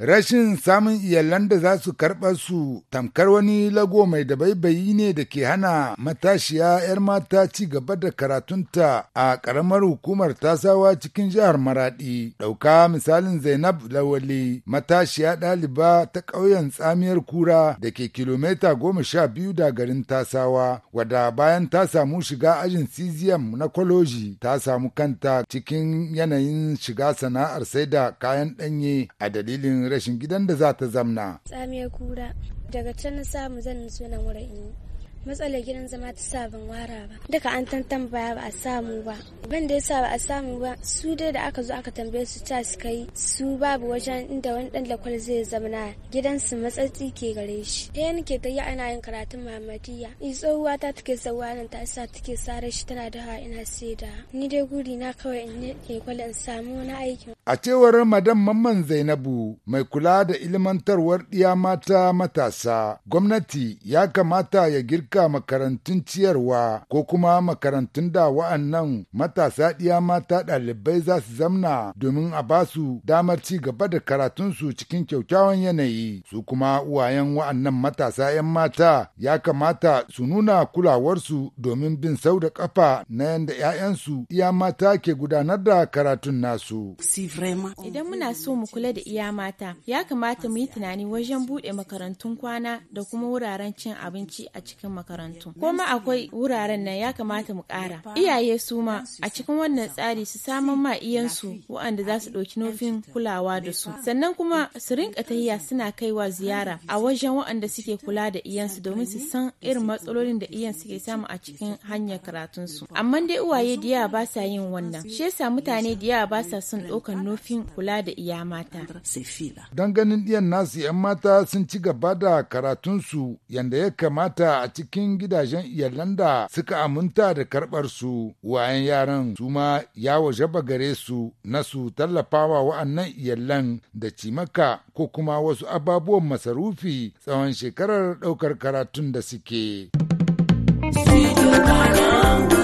Rashin samun iyalan da za su karɓa su tamkar wani lago mai dabaibayi ne da ke hana matashiya 'yar mata ci gaba da karatunta a ƙaramar hukumar tasawa cikin jihar Maraɗi. Ɗauka misalin Zainab Lawali matashiya ɗaliba ta ƙauyen tsamiyar kura da ke kilomita goma sha biyu da garin tasawa wada bayan ta samu shiga ajin cesium na kwaloji ta samu kanta cikin yanayin shiga sana'ar sai da kayan ɗanye a dalilin rashin gidan da za ta zamna. Tsamiyar kura daga can na samu zan nutsu na wurin in matsalar gidan zama ta sa ban wara ba duka an tantan baya ba a samu ba ban da yasa ba a samu ba su dai da aka zo aka tambaye su ta su kai su babu wajen inda wani dan lakwal zai zamana su matsatsi ke gare shi ɗaya nake ta yi ana yin karatun mamadiya in tsohuwa ta take sauwa nan ta sa take sare shi tana da ina sai da ni dai guri na kawai in ne kwal in samu wani aikin A cewar Madam Mamman Zainabu mai kula da ilimantarwar ɗiya mata matasa, gwamnati ya kamata ya girka makarantun ciyarwa ko kuma makarantun da wa'annan matasa ɗiya mata ɗalibai za su zamna domin a ba su damar ci gaba da karatunsu cikin kyaukyawan yanayi. Su kuma uwayen wa'annan matasa 'yan mata ya kamata su nuna kulawarsu domin bin sau da ƙafa na yadda 'ya'yansu ɗiya mata ke gudanar da karatun nasu. idan muna so mu kula da iya mata ya kamata mu yi tunani wajen buɗe makarantun kwana da kuma wuraren cin abinci a cikin makarantu kuma akwai wuraren nan ya kamata mu ƙara iyaye su ma a cikin wannan tsari su samar ma iyansu waɗanda za su ɗauki nufin kulawa da su sannan kuma su rinka tahiya suna kaiwa ziyara a wajen waɗanda suke kula da iyansu domin su san irin matsalolin da iyan suke samu a cikin hanyar karatunsu amma dai uwaye da yawa ba sa yin wannan shi yasa mutane da yawa ba sa son ɗaukan nufin kula da iya mata. Don ganin ɗiyan nasu 'yan mata sun ci gaba da karatunsu yadda ya kamata a cikin gidajen iyalan da suka aminta da karɓar su wayan yaran su ma ya waje bagare su na su tallafawa wa'annan iyalan da cimaka ko kuma wasu ababuwan masarufi tsawon shekarar ɗaukar karatun da suke. Studio